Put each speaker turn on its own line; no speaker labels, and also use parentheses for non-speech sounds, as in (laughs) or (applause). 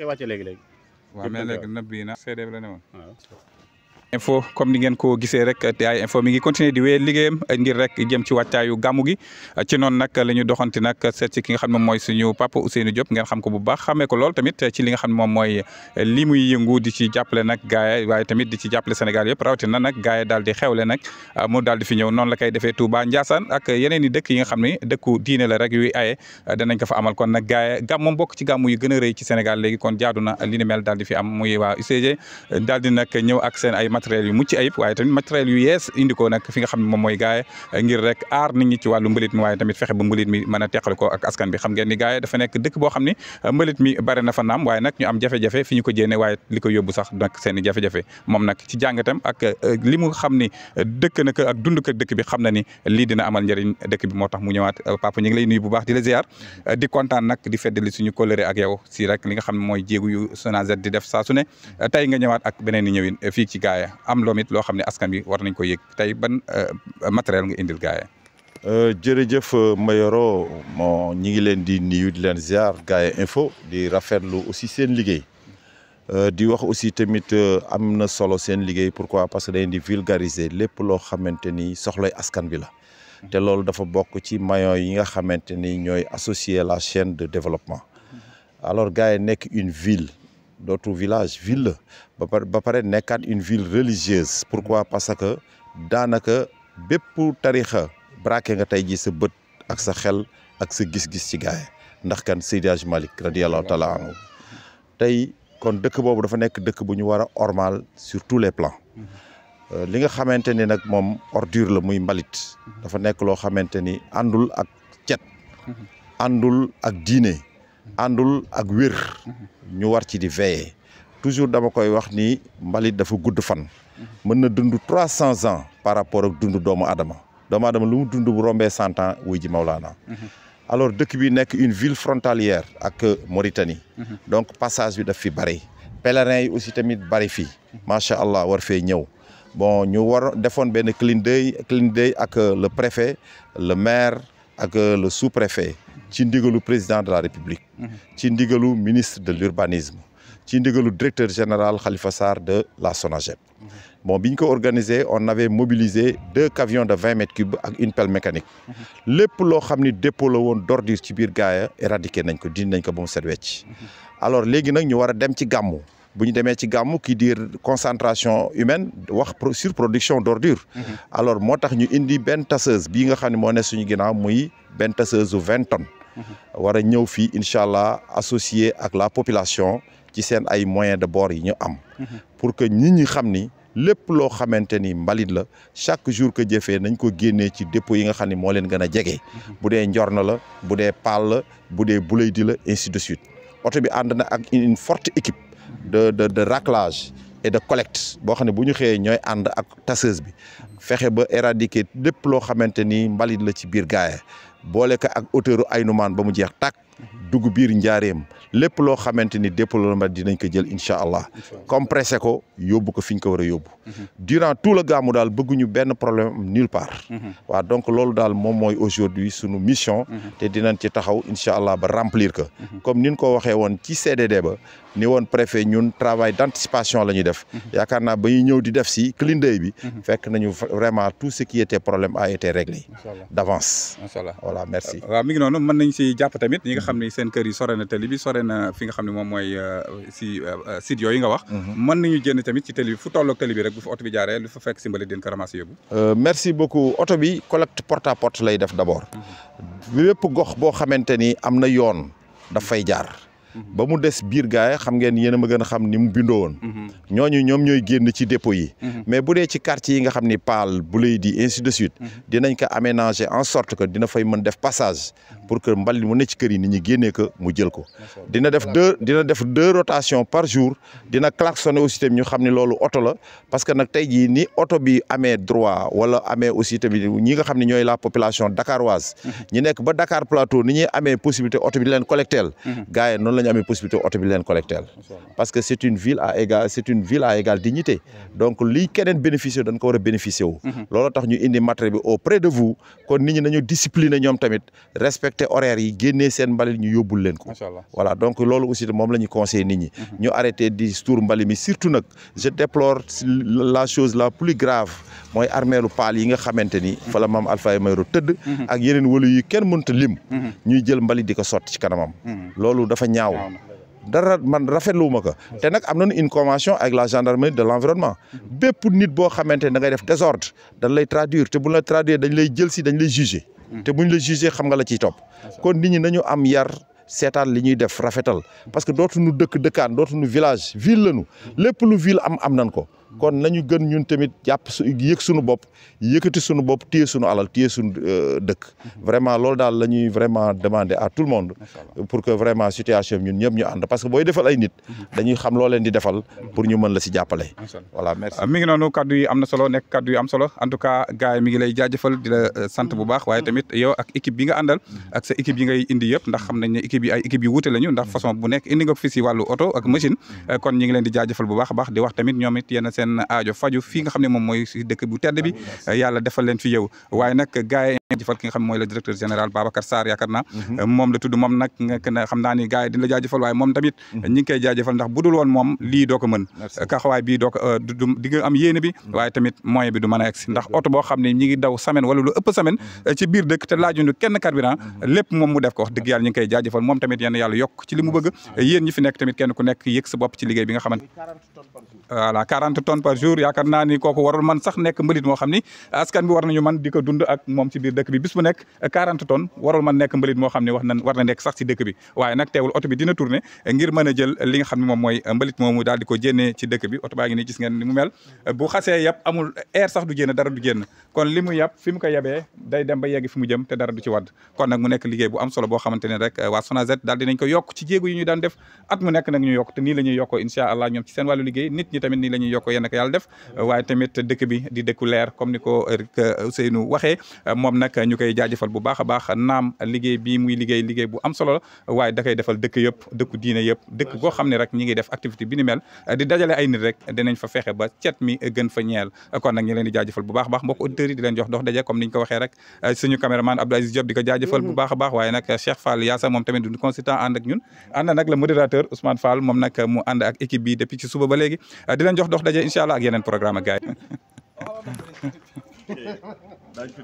koy wàcce léegi léegi. waaw mais léegi nëb bii nag CDF la ne woon. info comme ni ngeen ko gisee rek TI info mi ngi continuer di wéy liggéeyam ngir rek jëm ci wàccaayu gàmmu gi ci noonu nag la ñu doxanti nag seet ci ki nga xam ne moom mooy suñu papa Ousseynou Diop ngeen xam ko bu baax xamee ko lool tamit ci li nga xam ne moom mooy li muy yëngu di ci jàppale nag gaaya waaye tamit di ci jàppale Sénégal yëpp rawatina nag gaaya daal di xewle nag mu daal di fi ñëw noonu la koy defee Touba Ndiassane ak yeneen i dëkk yi nga xam ne dëkku diine la rek yuy aye danañ ko fa amal kon nag gaaya gàmm moom bokk ci gàmmu yu gën a rëy ci Sénégal léegi kon jaadu na li ni mel daal di fi am muy waa UCG daal di nag ñëw ak seen ay matériel yu mucc ayib waaye tamit matériel yu yees indi ko nag fi nga xam ne moom mooy gaaye ngir rek aar nit ñi ci wàllu mbalit mi waaye tamit fexe ba mbalit mi mën a ko ak askan bi xam ngeen ni gaaye dafa nekk dëkk bo xam ne euh, mbalit mi bare na fa naam waaye nag ñu am jafe fi ñu ko jéene waaye li ko yóbbu sax nag seen i jafe nag ci jàngatam ak euh, li mu xam ni euh, dëkk na ko dund ko dëkk bi xam na ni lii dina amal njëriñ dëkk bi moo tax mu ñëwaat papa ñu ngi lay nuyu bu baax di la ziar di kontaan nag di feddali suñu coloré ak yow si rek li nga xam ne mooy jéegu yu SONAGED di def saa su ne tey nga ñëwaat ak beneen ñëwin fii ci gaaye am loom loo xam ne askan wi war nañ ko yëg tey ban euh, matériel nga indil gaay
euh, jërëjëf euh, Mayoro moo ñi ngi leen di nuyu di leen ziar Gaye Info di rafetlu aussi seen liggéey di wax aussi tamit am na solo seen liggéey pourquoi parce que dañ di vulgariser lépp loo xamante ni soxlay askan bi la te loolu dafa bokk ci maillon yi nga xamante ni ñooy associer la chaine de développement alors Gaye nekk une ville dootu village ville la ba ba pare nekkaat une ville religieuse pourquoi parce que daanaka bépp tarixa braqué nga tey ji sa bët ak sa xel ak sa gis-gis ci gaay ndax kan Seydi Hadji Malick radiallahu taala anhu tey kon dëkk boobu dafa nekk dëkk bu ñu war a ormal sur tous les plans euh, li nga xamante ni nag moom ordure la muy mbalit dafa nekk loo xamante ni àndul ak cet mhm. àndul ak diine àndul ak wér ñu war ci di veiller toujours dama koy wax ni mbalit dafa gudd fan mën na dund trois cents ans par rapport ak dund doomu adama doomu adama lu mu dund bu rombee cent ans wuy ji Mawlaana alors dëkk bi nekk une ville frontalière ak Mauritanie donc passage bi daf fi bari pèlerins yi aussi tamit bari fii macha allah war fee ñëw bon ñu war defoon benn clin d'œil ak le préfet le maire ak euh, le sous-préfet ci ndigalu président de la république mhm. ci ndigalu ministre de l'urbanisme ci ndigalu directeur général Khalifa Sarr de la SONAGED mhm. bon bi ñu ko organisé on avait mobilisé deux camions de vingt mètres ak une pelle mécanique mhm. lépp loo xam ni dépôt la woon d'ordures ci biir gaaya éradiqué nañ ko dindi nañ ko ba mu set alors léegi nag ñu war a dem ci gàmmu bu ñu demee ci gàmmu kii diir concentration humaine wax surproduction d'ordure mhm. alors moo tax ñu indi benn tasseuse bii nga xam ne moo ne suñu ginnaaw muy benn tasseuse su vingt tonnes mhm. war a ñëw fii incha allah associé ak la population ci seen ay moyens de bord yi ñu am mhm. pour que ñi ñi xam ni lépp loo xamante ni mbalit la chaque jour que jëfee nañ ko génnee ci dépôt yi nga xam ne moo leen gën a jege bu dee njorna la bu dee paal la bu dee bulay di la ainsi de suite bi ànd na ak une forte équipe de de de raclage et de collecte boo xam ne bu ñu xëyee ñooy ànd ak tasseuse bi fexe ba éradiquer lépp loo xamante ni mbalit la ci biir gaaya boole ko ak auteuru ay numaan ba mu jeex takk dugg biir njaareem lépp loo xamante ni dépoloma mbalit dinañ ko jël incha allah compressé ko yóbbu ko fi ñu ko war a yóbbu durant tout le gàmmu daal bëgguñu benn problème nulle part mhm. waa donc loolu daal moom mooy aujourd'hui sunu mission mhm. te dinañ ci taxaw incha allah ba remplir ko mhm. comme ni ñu ko waxee woon ci CDD ba ni woon préfet ñun travail d' anticipation la ñuy def mhm. yaakaar naa ba ñuy ñëw di def si clean day bi mhm. fekk nañu vraiment tout ce qui était problème a été réglé d' avance voilà merci
waaw mi ngi noonu mën nañ si jàpp tamit ñi nga xam ne seen kër yi sore na tali bi sore na fi nga xam ne moom mooy euh, si euh, euh, site yooyu nga wax mhm. mën nañu jënd tamit ci tali bi fu tolloog tali bi rek bu fa oto bi jaaree lu fa fekk simbali den ko ramasser
yóbbu merci beaucoup oto bi collecte porte à porte lay def d' abord lépp gox boo xamante ni am na yoon dafay jaar ba mu des biir gaay xam ngeen yéen a ma a xam ni mu bindoo woon mhm. ñooñu ñoom ñooy génn ci dépôt yi mhm. mais bu dee ci quartier yi nga xam ni paal bu lay di ainsi de suite mhm. dinañ ko aménager en sorte que dina fay man def passage pour que mbali mu ne ci kër yi nit ñi génnee ko mu jël ko dina def deux dina def deux rotations par jour dina klaxonner aussi tamit ñu xam ne loolu oto la parce que nag tey jii ni oto bi amee droit wala amee aussi tamit ñi nga xam ne ñooy la population dakaroise ñi nekk ba Dakar Plateau ni ñuy amee possibilité oto bi di leen collecteel la ñu amee possibilité oto bi leen collecteel parce que c' est une ville à égal c' est une égale dignité donc lii keneen bénéficier dañ ko war a bénéficier wu mhm. loolu tax ñu indi matériel bi auprès de vous kon nit ñi nañu discipliner ñoom tamit respecter horaire yi génnee seen mbalit ñu yóbbul leen ko voilà donc loolu aussi moom la mhm. ñu conseillé ñu arrêté di tour mbalit surtout nag je déplore la chose la plus grave mooy armeelu paal yi nga xamante ni mhm. fa la maam Alpha Mayoro tëdd ak yeneen wëlu yu kenn mënta lim ñuy jël mbalit di ko sotti ci kanamam loolu dafa ñaaw ñaaw dara man rafetlu ma ko te nag am nañu une convention avec la gendarmerie de l' environnement bépp nit boo xamante ne da def désordre dañ lay traduire te buñ la traduire dañ lay jël si dañ lay juger te bu ñu la juger xam nga la ciy topp kon nit ñi nañu am yar seetaan li ñuy def rafetal parce que dootuñu dëkk dëkkaan dootuñu village ville lañu lépp lu ville am am nan ko kon nañu gën ñun tamit jàpp su yëg suñu bopp yëkkati suñu bopp téye suñu alal téye suñu euh, dëkk mhm. vraiment loolu daal la ñuy vraiment demander à tout le monde pour que vraiment situation bi ñun ñëpp ñu ànd parce que booy defal ay nit mhm. dañuy xam loo di defal pour ñu mën la si jàppale voilà ah, noonu kaddu yi am solo
nekk kaddu yi lay jaajëfal euh, sant bu baax waaye mhm. tamit yow ak équipe bi nga àndal ak sa équipe yi ngay indi yëpp ndax xam nañ ne yi ay lañu ndax façon bu nekk indi a baax di wax tamit ñoom seen aajo faju fii nga xam ne moom mooy si dëkk bu tedd bi yàlla defal fi jaajëfal ki nga xam mooy le directeur général Babacar Sarr yaakaar naa mhm. euh, moom la tudd moom nag nga xam naa ni gars yi la jaajëfal waaye moom tamit mhm. ñi ngi ndax budul woon moom lii doo kaxawaay euh, bii doo ko euh, am yéene bi mhm. waaye tamit moyen bi du mën a ndax oto boo xam ne ñi daw semaine wala lu ëpp semaine ci biir dëkk te laajuñu kenn carburant lépp moom mu def ko wax dëgg yàlla ñi ngi koy tamit yéen yàlla yokk ci li mu bëgg yéen ñi nekk tamit kenn dëkk bi bis bu nekk quarante tonnes warul mën nekk mbalit moo xam ne wax na war na nekk sax si dëkk bi waaye nag teewul oto dina tourner ngir mën jël li xam ne mooy mbalit moomu daal di ko jénnee ci dëkk bi oto gis ngeen ni mu mel bu xasee yàpp amul air sax du génn dara du génn kon li mu fi mu ko yabee day dem ba yegg fi mu jëm te dara du ci wadd kon nag mu nekk liggéey bu am solo boo xamante ne rek waa SONAGED daal dinañ ko yokk ci jéego yi ñu daan def nag ñu koy jaajëfal bu baax a baax naam liggéey bii muy liggéey liggéey bu am solo la waaye da koy defal dëkk yëpp dëkku diine yëpp dëkk goo xam ne rek ñi ngi def activité bi ni mel di dajale ay nit rek dinañ fa fexe ba cet mi gën fa ñeel kon nag ñu leen di jaajëfal bu baax a baax mbokk auditeurs yi di leen jox dox daje mm-hmm. a baax waaye nag Cheikh Fall Yaasa moom ñun ànd nag le modérateur Ousmane Fall moom nag mu ànd équipe depuis suba ba léegi di leen jox dox daje incha allah ak yeneen programme ak gars (laughs)